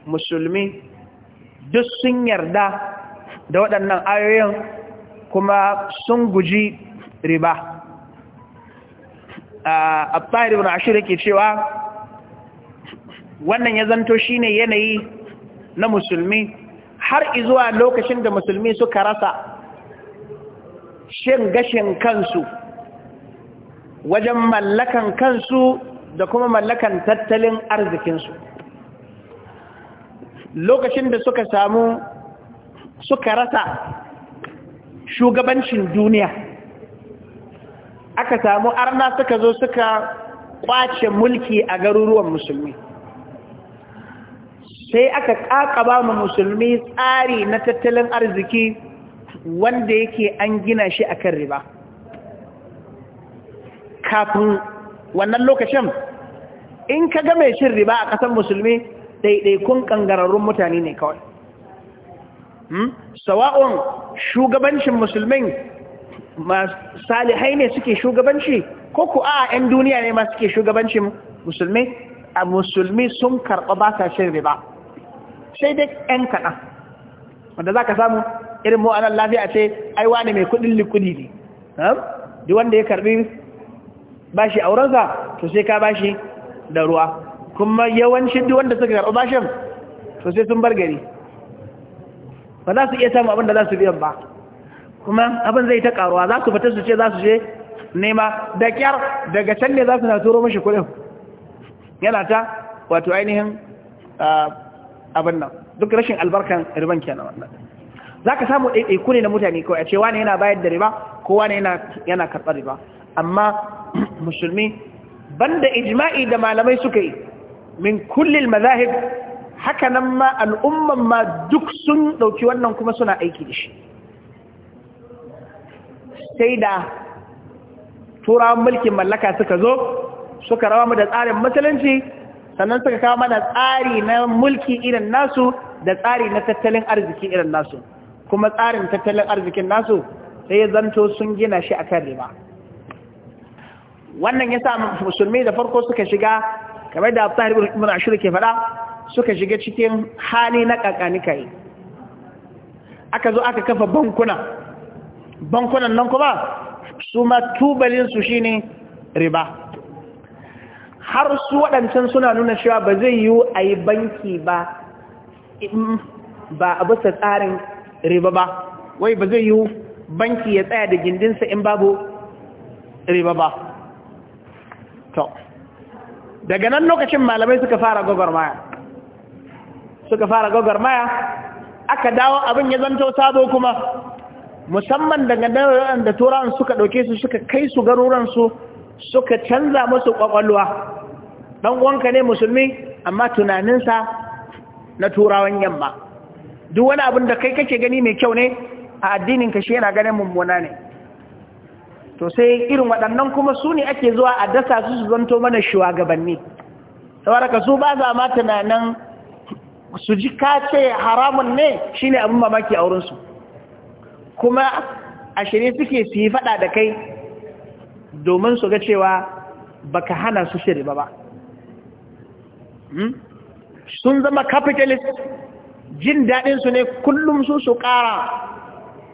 A: musulmi duk sun yarda da waɗannan ayoyin kuma sun guji riba a tsari wani ashirin ke cewa wannan ya zanto shine yanayi na musulmi har izuwa lokacin da musulmi suka rasa shin gashin kansu wajen mallakan kansu da kuma mallakan tattalin arzikinsu lokacin da suka samu suka rasa shugabancin duniya aka samu arna suka zo suka kwace mulki a garuruwan musulmi sai aka kakaba mu musulmi tsari na tattalin arziki wanda yake an gina shi akan riba kafin wannan lokacin in ka ga mai cin riba a ƙasar musulmi ɗaiɗaikun ƙangararrun mutane ne kawai hmm? sawa'un shugabancin musulmin salihai ne suke shugabanci ko ku a 'yan duniya ne ma suke shugabancin musulmi a musulmi sun karɓa ba sa riba sai dai 'yan kaɗan wanda za ka samu irin mu'anar lafiya ce aiwa ne mai kuɗin likudi ne hmm? duk wanda ya karɓi ba shi aurensa to sai ka ba shi da ruwa kuma yawancin duk wanda suka karɓi bashin to sai sun bar gari ba za su iya samun abin da za su biyan ba kuma abin zai ta karuwa za su fita su ce za su je nema da kyar daga can ne za su na turo mashi kudin yana ta wato ainihin abin nan duk rashin albarkan riban kenan wannan za ka samu ɗaiɗaiku ne na mutane kawai a ce wani yana bayar da riba ko wani yana karɓar riba amma musulmi banda ijma'i da malamai suka yi min kullil mazahib nan ma al'umman ma duk sun ɗauki wannan kuma suna aiki da shi sai da turawan mulkin mallaka suka zo suka rawa mu da tsarin musulunci sannan suka kawo mana tsari na mulki irin nasu da tsari na tattalin arziki irin nasu kuma tsarin tattalin arzikin nasu sai ya zanto sun gina shi a akan riba wannan ya sa musulmi da farko suka shiga kamar da abtahir ibn ashir ke faɗa suka shiga cikin hali na kakani kai aka zo aka kafa bankuna bankunan nan kuma su ma tubalin su shine riba har su waɗancan suna nuna cewa ba zai yi a yi banki ba ba a bisa tsarin riba ba wai ba zai yi banki ya tsaya da gindinsa in babu riba ba to daga nan lokacin malamai suka fara gwagwarmaya suka fara gwagwarmaya aka dawo abin ya zanto sabo kuma musamman daga nan da turawan suka ɗauke su suka kai su su suka canza musu kwakwalwa. ɗan uwanka ne musulmi amma tunaninsa na turawan yamma duk wani abin da kai kake gani mai kyau ne a addinin ka shi yana ganin mummuna ne to sai irin waɗannan kuma su ne ake zuwa a dasa su su zanto mana shugabanni saboda su ba za ma tunanin su ji kace haramun ne shine abin mamaki a wurinsu kuma a shirye suke su yi faɗa da kai domin su ga cewa baka hana su shiri ba ba hmm? sun zama capitalist jin daɗinsu ne kullum su su ƙara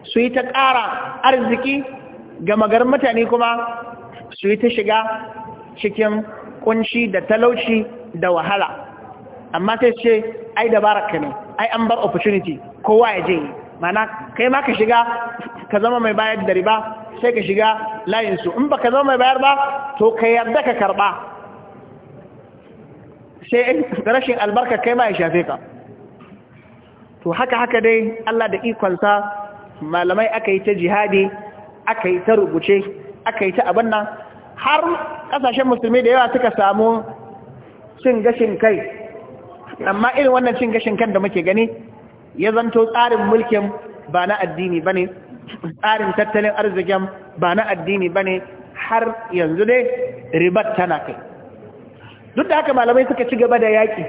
A: su yi ta ƙara arziki gama garin mutane kuma su yi ta shiga cikin kunshi da talauci da wahala amma sai ce ai dabarar ka ne ai an bar opportunity kowa ya je mana kai ma ka shiga ka zama mai bayar da riba sai ka shiga layinsu in ba ka zama mai bayar ba to ka yarda ka karba sai rashin albarka kai ma ya shafe ka to haka haka dai Allah da ikonsa malamai aka yi ta jihadi aka yi ta rubuce aka yi ta abin nan har kasashen musulmi da yawa suka samu cin gashin kai amma irin wannan cin gashin kan da muke gani ya zanto tsarin mulkin ba na addini ba ne tsarin tattalin arzikin ba na addini ba ne har yanzu ne ribar tana kai duk da haka malamai suka ci gaba da yaƙi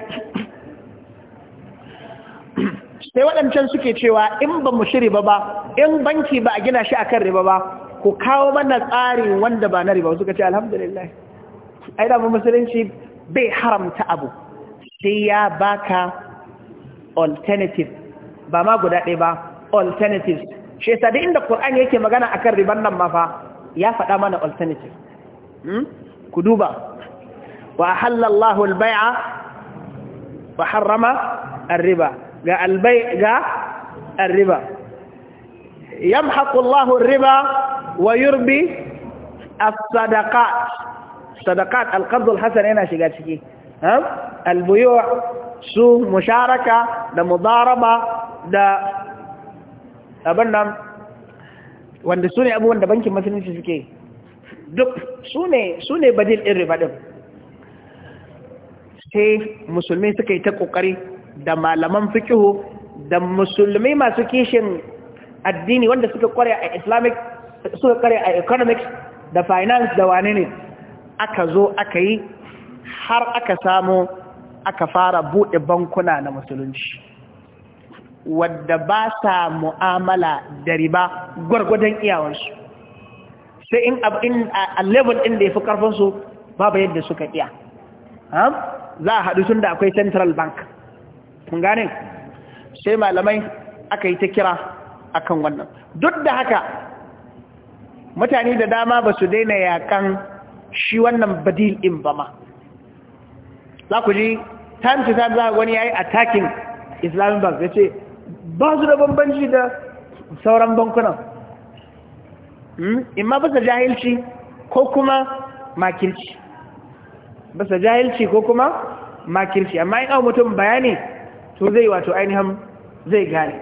A: sai waɗancan suke cewa in ba mu shi riba ba in banki ba a gina shi akan riba ba ku kawo mana tsari wanda ba na riba suka ce alhamdulillah ai da musulunci bai haramta abu sai ya baka alternative ba ma guda ɗaya ba alternatives shi yasa da inda Qur'an yake magana akan riban nan ma fa ya faɗa mana alternative hmm? ku duba wa halallahu al-bai'a wa harrama ar-riba ga albai ga riba yamhaqu Allahu riba wa yurbi as-sadaqat sadaqat al-qard al-hasan yana shiga ciki al-buyu' su musharaka da mudaraba da abin nan wanda su ne abubuwan da bankin musulunci suke duk sune ne bajil ɗin riba ɗin sai musulmi suka yi ta ƙoƙari da malaman fikihu da musulmi masu kishin addini wanda suka kware a islamic suka kware a economics da finance da wane ne aka zo aka yi har aka samu aka fara buɗe bankuna na musulunci wadda ba sa mu'amala da riba gwargwadon iyawarsu sai in a level ɗin da ya fi ƙarfinsu babu yadda suka iya za a haɗu tun da akwai central bank kun gane sai malamai aka yi ta kira akan wannan duk da haka mutane da dama ba su daina yakan shi wannan badil in ba ma za ku ji
B: time to time za wani ya yi attacking
A: islamic bank ya ce ba su da bambanci da sauran bankunan hmm? ma basa jahilci ko kuma makilci basa jahilci ko kuma makilci amma in mutum bayani to zai wato ainihin zai gane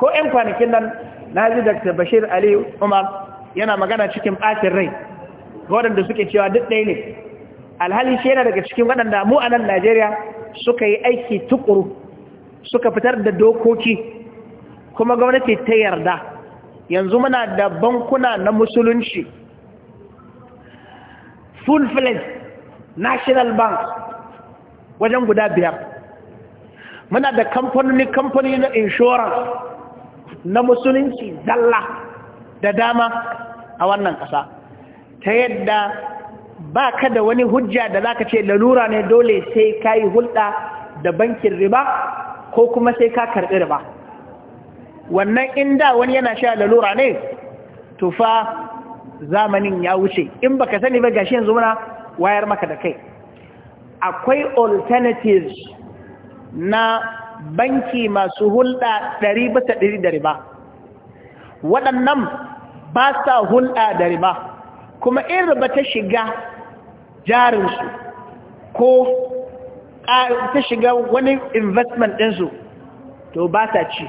A: ko 'yan kwanakin nan na ji dr bashir ali umar yana magana cikin ɓakin rai ga waɗanda suke cewa duk ɗaya ne alhali shi yana daga cikin waɗanda mu a nan najeriya suka yi aiki tukuru suka fitar da dokoki kuma gwamnati ta yarda yanzu muna da bankuna na musulunci full-fledged national bank wajen guda biyar muna da kamfanoni kamfani na insurance na musulunci zalla da dama a wannan ƙasa ta yadda ba ka da wani hujja da za ce lalura ne dole sai ka yi hulɗa da bankin riba ko kuma sai ka karɓi riba wannan inda wani yana sha lalura ne tufa zamanin ya wuce in ba ka sani ba gashi yanzu muna wayar maka da kai akwai alternatives na banki masu hulɗa ɗari bisa ɗari da riba waɗannan ba sa hulɗa da riba kuma in riba ta shiga jarinsu ko ta shiga wani investment ɗinsu to ba sa ci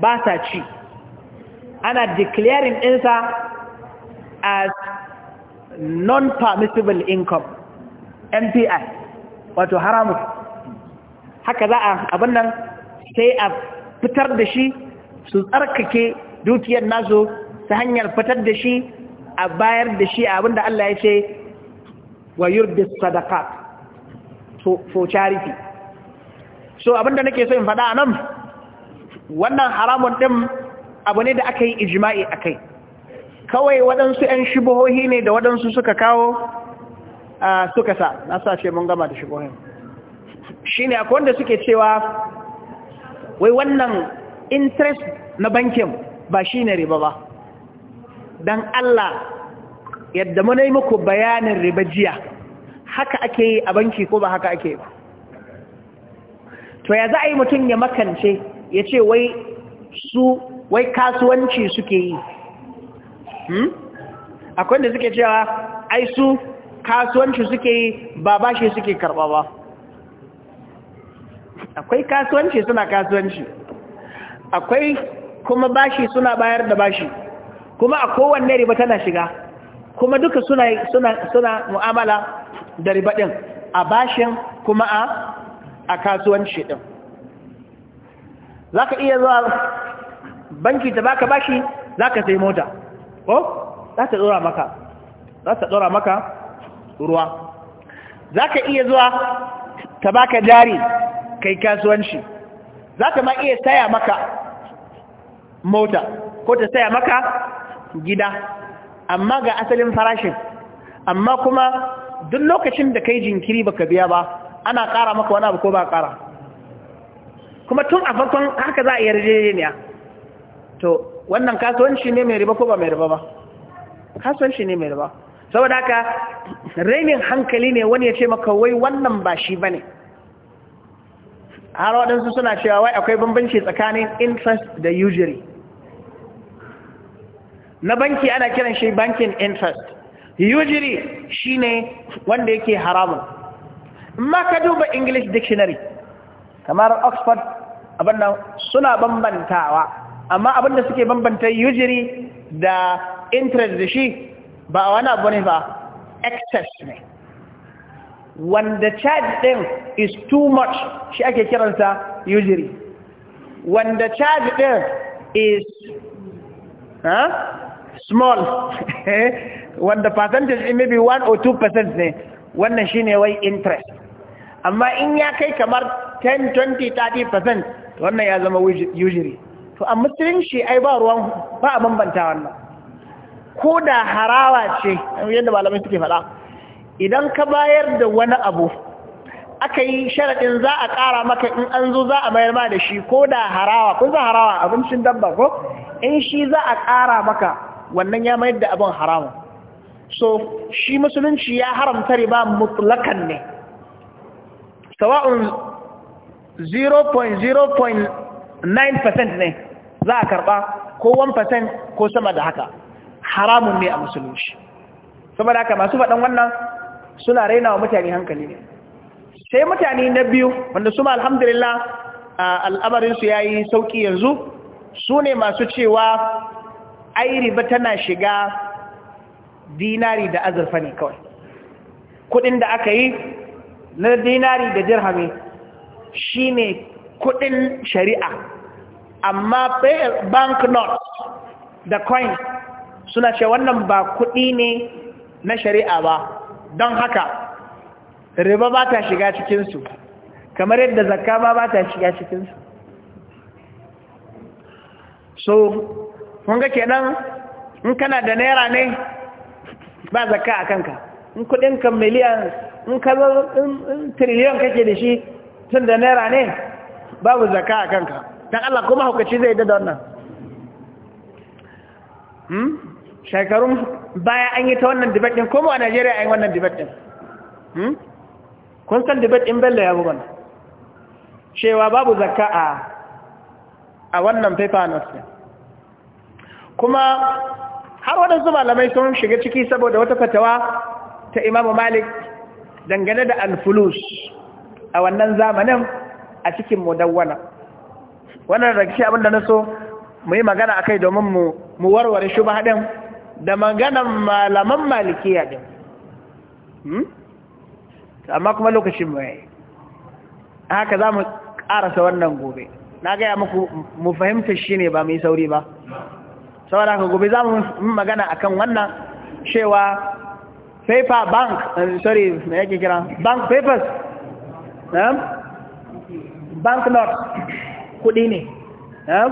A: ba sa ci ana declaring ɗinsa as non-permissible income MPI wato haramun haka za a abin nan sai a fitar da shi su tsarkake dukiyar nasu ta hanyar fitar da shi a bayar da shi abin da Allah ya ce wa yurdi sadaka for charity so abin da nake so in faɗa anan, nan wannan haramun ɗin abu ne da aka yi ijima'i a kai kawai waɗansu 'yan shibohohi ne da waɗansu suka kawo suka sa na sa ce mun gama da shibohin ne akwai wanda suke cewa wai wannan interest na bankin ba shi ne riba ba Don Allah yadda muna yi muku bayanin riba jiya haka ake yi a banki ko ba haka ake ba to ya za a yi mutum ya makance ya ce wai su wai kasuwanci suke yi hmm? akwai wanda suke cewa ai su kasuwanci suke yi ba bashi suke karɓa ba akwai kasuwanci suna kasuwanci akwai kuma bashi suna bayar da bashi kuma a kowanne riba tana shiga kuma duka suna suna suna mu'amala da riba din a bashin kuma a a kasuwanci din zaka iya zuwa banki ta baka bashi zaka sai mota ko za ta dora maka za ta dora maka ruwa zaka iya zuwa ta baka jari kai kasuwanci za ta ma iya saya maka mota ko ta saya maka gida amma ga asalin farashin amma kuma duk lokacin da kai jinkiri baka biya ba ana ƙara maka wani abu ko ba ƙara kuma tun a farkon haka za a iya a, to wannan kasuwanci ne mai riba ko ba mai riba ba kasuwanci ne mai riba saboda haka rainin hankali ne wani ya ce maka wai wannan ba shi ba ne har waɗansu suna cewa wai akwai bambanci tsakanin interest da usury na banki ana kiran shi bankin interest usury shine wanda yake haramun ma ka duba english dictionary kamar oxford abinnan suna bambantawa amma abinda suke bambanta usury da interest da shi ba wani abu ne ba excess ne wanda charge ɗin is too much shi ake kiransa usury wanda charge ɗin is huh? small wanda percentage ɗin maybe 1 or 2 percent ne wannan shi ne wai interest amma in ya kai kamar 10 20 30 percent wannan ya zama usury to a musulunci ai ba ruwan ba a bambanta wannan ko da harawa ce yadda malamai suke faɗa idan ka bayar da wani abu aka yi sharaɗin za a ƙara maka in an zo za a mayar ma da shi ko da harawa kun za harawa abincin dabba ko in shi za a ƙara maka wannan ya mayar da abin haramun so shi musulunci ya haramta riba mutlakan ne sawa'un 0.0.9% ne za a karɓa ko 1% ko sama da haka haramun ne a musulunci saboda haka masu faɗin wannan suna raina wa mutane hankali ne sai mutane na biyu wanda su ma a al'amarinsu ya yi sauƙi yanzu su ne masu cewa airi ba tana shiga dinari da azurfa ne kawai kudin da aka yi na dinari da dirhami shi ne kudin shari'a amma banknot da coins suna ce wannan ba kudi ne na shari'a ba don haka riba ba ta shiga cikinsu kamar yadda zakka ma ba ta shiga cikinsu so hunga kenan in kana da naira ne ba zakka a kanka in kan miliyan in kazar triliyon kake da shi tun da naira ne babu zakka a kanka don Allah kuma hukaci zai da wannan hmm? shekarun baya an yi ta wannan debate ko mu a Najeriya an yi wannan debate ɗin, hmm? kun san debate ɗin Bello ya bugon cewa babu zakka a a wannan paper notes kuma har su malamai sun shiga ciki saboda wata fatawa ta imamu Malik dangane da alfulus a wannan zamanin a cikin mudawwana wannan rakshi abinda na so mu yi magana a kai domin mu warware shubha haɗin da maganan malaman malikiya din hmm? amma kuma lokacin mai haka za mu ƙarasa wannan gobe na gaya muku mu fahimta shi ne ba mu yi sauri ba saboda haka gobe za mu magana a kan wannan cewa paper bank eh, sorry me yake kira bank papers eh?
B: bank note kuɗi ne eh?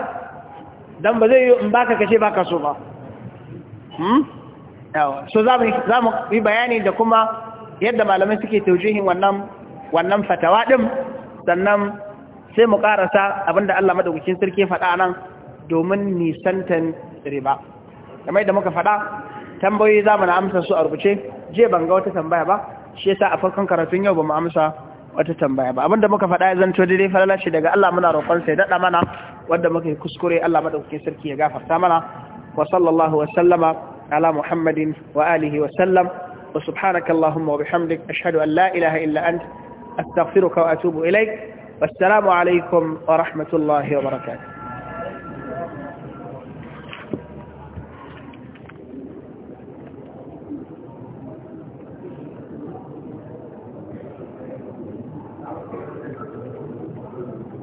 A: don ba zai yi in baka kashe baka so ba Hmm? so za mu yi bayani da kuma yadda malamai suke taujihin wannan wannan fatawa ɗin sannan sai mu ƙarasa abinda Allah maɗaukakin sarki faɗa nan domin nisantan riba kamar da muka faɗa tambayoyi za mu na amsa su a rubuce je ban ga wata tambaya ba shi yasa a farkon karatun yau ba mu amsa wata tambaya ba abinda muka faɗa ya zanto daidai falala shi daga Allah muna roƙon sai daɗa mana wanda muka yi kuskure Allah maɗaukakin sarki ya gafarta mana وصلى الله وسلم على محمد وآله وسلم وسبحانك اللهم وبحمدك أشهد أن لا إله إلا أنت أستغفرك وأتوب إليك
B: والسلام عليكم ورحمة الله وبركاته